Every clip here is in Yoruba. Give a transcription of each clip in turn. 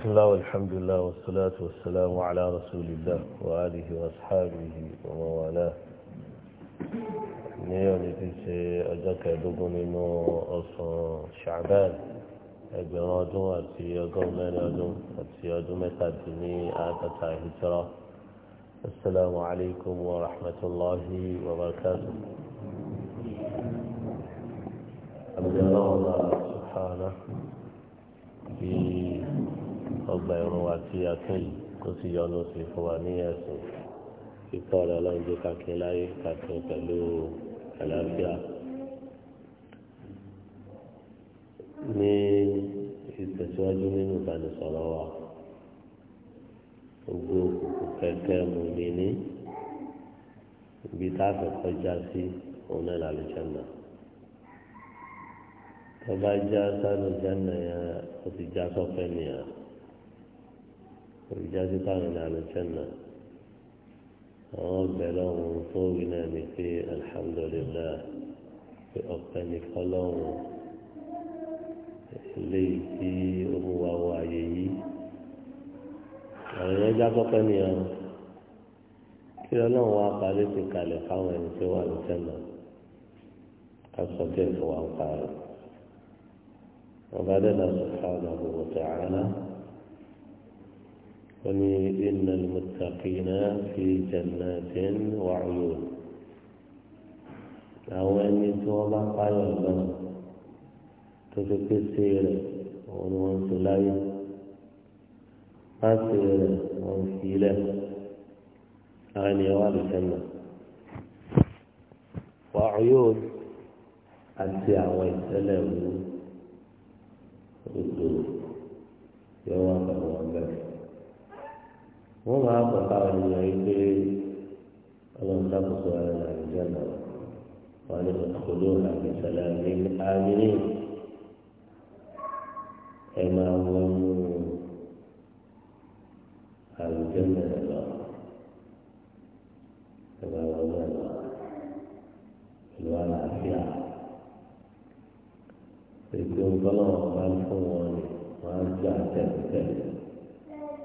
بسم الله والحمد لله والصلاة والسلام على رسول الله وآله وأصحابه وموالاه نيوم تنسى أذكى دقون إنه أصلا شعبان أجرادو أتي أقوم من أدوم أتي أدوم أتدني آتتا هجرة السلام عليكم ورحمة الله وبركاته الحمد لله سبحانه في ọgbà ẹ̀rùn wa tí a tún yìí kó sì yọ ọ́nà sí fún wa ní ẹ̀sìn ìtọ́ rẹ̀ ọlọ́run jẹ́ kákin láyé kákin pẹ̀lú àlàáfíà. ní ìtẹ̀síwájú nínú ìbánisọ̀rọ̀ wa gbogbo òkùnkùn kẹ̀kẹ́ mú mi ní ibi tá a fẹ́ kọjá sí òun náà làlùjẹ́ náà tọ́ba já sálùjẹ́ náà yẹn ó ti já sọ́pẹ́ nìyẹn olùjáde táwọn ní alùjẹ́nà àwọn ọbẹ̀ lọ́wọ́n tó wí náà ni pé alhamdulillah pé ọ̀pẹ nìkan lọ́wọ́n eléyìí tí ó mú wa wọ àyè yìí àwọn èèyàn já pọ́pẹ́ nìyẹn kí ọlọ́run wá parí ti kalẹ̀ fáwọn ẹni tí ó wà lùjẹ́nà ká sọ díẹ̀ fún wa ń parí. وبعدنا سبحانه وتعالى يعني إن المتقين في جنات وعيون أو أن يتوضع قال الله تفكسير ونوان سلاي قاسير ونسيلة أغني والي سنة وعيون أسيع ويسلم ودور يواقع وانبسط wọ́n máa kọ̀ káwọn ènìyàn yìí pé ọlọ́run dákòóso ara rẹ̀ àgbẹ̀jẹ̀ náà wà ní ìkọlù àgbẹ̀sẹ̀lẹ̀ àmì ẹ máa wọnú àgbẹ̀jẹ̀ náà lọ ẹ máa wọnú ẹ̀ lọ ìlú àlàáfíà ètò ìgbọ́lọ́wọ́ máa ń fún wọn ní wọ́n á gbà tẹ̀lé tẹ̀lé.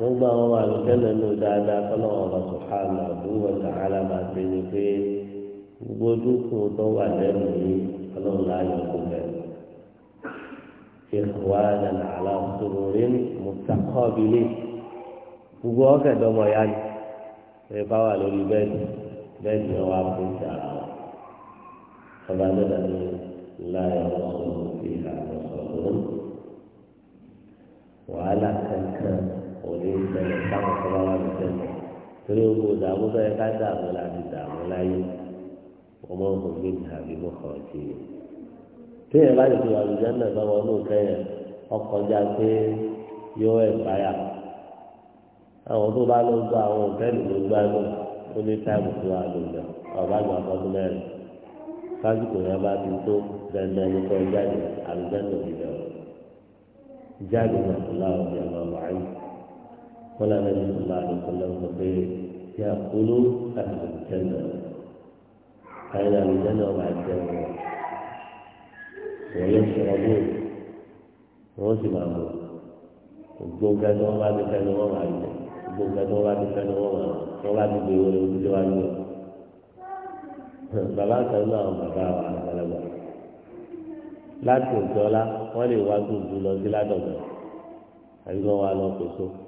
wọ́n gbà wọn wà lọ́kẹ́lẹ̀ ló dáadáa kọ́nà ọ̀rọ̀ sùhánà àbúrò sàhálà máa ti ní pé gbogbo dúkùn tó wà lẹ́nu yìí ọlọ́run láàyò kò bẹ̀. ìhùwàdà nàlá sòròrí mùtàkọ́bìlì gbogbo ọ̀kẹ́dọ́mọ ya ni ẹ bá wà lórí bẹ́ẹ̀dì bẹ́ẹ̀dì wọn wá fún ọba dọ́dà ni láyọ̀ ọ̀sán òfin àwọn ọ̀sán wàhálà kankan òní ìṣẹ̀lẹ̀ táwọn kọlá wà ní sẹmọ torí gbogbo dààmú bẹ́ẹ̀ ká dààmú láti dààmú láyé ọmọ ọmọ mi ní àbíkọ kan ti yẹ téèyàn bá ti wà lùjẹ náà bá wọn lóun kẹyìn ọkọjá pé yóò ẹ báyà àwọn tó bá ló gba àwọn òtẹ́ẹ̀lì ló gbádùn ó ní táìmù tó wà lòdà ọba àgbà fọdún mẹ́rin lásìkò yẹn bá ti tó dandan ní kọ́ jáde àlùjẹ́ náà ti dẹ̀ jáde náà láwọn ọ̀dẹ̀ ọ̀làwọ̀ àyè. قال النبي صلى الله عليه وسلم فقيل يأكل أهل الجنة أهل الجنة ومع الجنة ويشربون وهم معمول gbogbo ẹni wọn bá ti fẹnu wọn wà lẹ gbogbo ẹni wọn bá ti fẹnu wọn wà wọn bá ti gbèrò lórí ìdílé wa lọ bàbá kan náà àwọn bàbá wa àgbàlagbà láti òjọ́lá wọ́n lè wá dùn dùn lọ sí ládọ̀gbà àbí wọ́n wá lọ pèsè.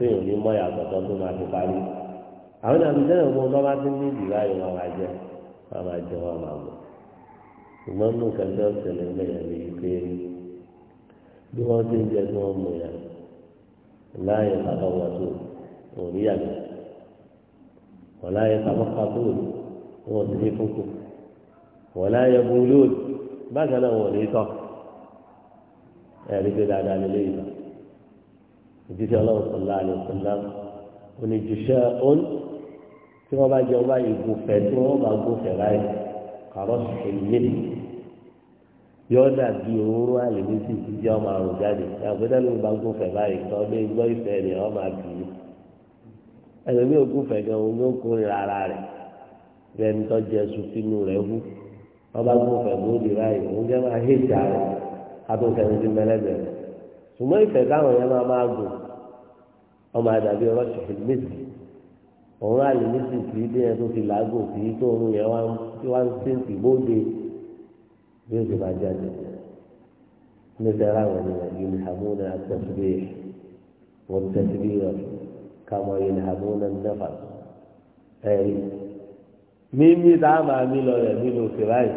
tí yóò ní mọ́ ìyàtọ̀ tó tó máa fi parí. àwọn àmì sẹ́yìn ọmọ ọmọ bá ti ní ìdìbò ayé wọn máa jẹ wọn máa jẹ wọn máa mọ̀. ṣùgbọ́n nínú kẹfẹ́ ọ̀sẹ̀lẹ̀ ń bẹ̀rẹ̀ ní pé bí wọ́n ti ń jẹ kí wọ́n mọ̀ yà láàyè bàbá wọn tó òní yàgbẹ́ wọ́n láàyè bàbá pàtó wọn ti ní fúnkù wọ́n láàyè búlóòdì bákan náà wọn ní tọ́ ẹ̀rí pé dáadáa lélẹ́yìn náà òjíṣẹ́ ọlọ́run sọ̀lá àlẹ́ sọ̀lá oníjìṣẹ́ ọ́n tí wọ́n bá jẹ ọba ìgbòfẹ́ tí wọ́n bá gbòfẹ́ láì kàrọ́ọ̀sì ẹ̀yìn yọ dàbí òórùn àlèmí sì ti jẹ́ ọmọ àrùn jáde àgbẹ̀dẹ́ ló ń bá gbòfẹ́ báyìí tọ́ bí gbọ́ ìfẹ́ rẹ̀ ọmọ àbí ẹlòmí ògbòfẹ́ gan òun ló kó rárá rẹ̀ bẹ́ẹ̀ni tó jẹ sùfínú rẹ̀ rẹ̀ ṣùgbọ́n ìfẹ́ káwọn yẹn máa máa gùn ọmọ àdàbí ọlọ́sẹ̀ ẹ̀dínmẹ́sì òun àlùmísì tí bí ẹ tó fi làágùn sí tó ń yẹ wá tí wá ń sèǹtì bóde bí ó sì máa jáde níbi ara wọn ni yìí hàmúnà àtẹ̀síbí wọn tẹ̀síbí rẹ kàmọ yìí hàmúnà nẹ́fà ẹ̀rí mímí tá a máa mí lọ rẹ̀ nínú kìláyì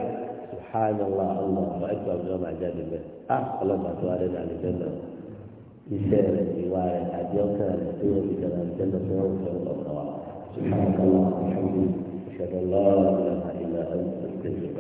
subhanallah allah ẹ̀ka ọ̀gbọ́n máa jáde bẹ́ẹ̀ ah ọlọ́mọ àti wàá dẹ́nu àlejò náà. يسير رواية عبد يوكل كلام إلى الجنة يوكل الله سبحانك اللهم وبحمدك أشهد أن لا إله إلا أنت أستغفرك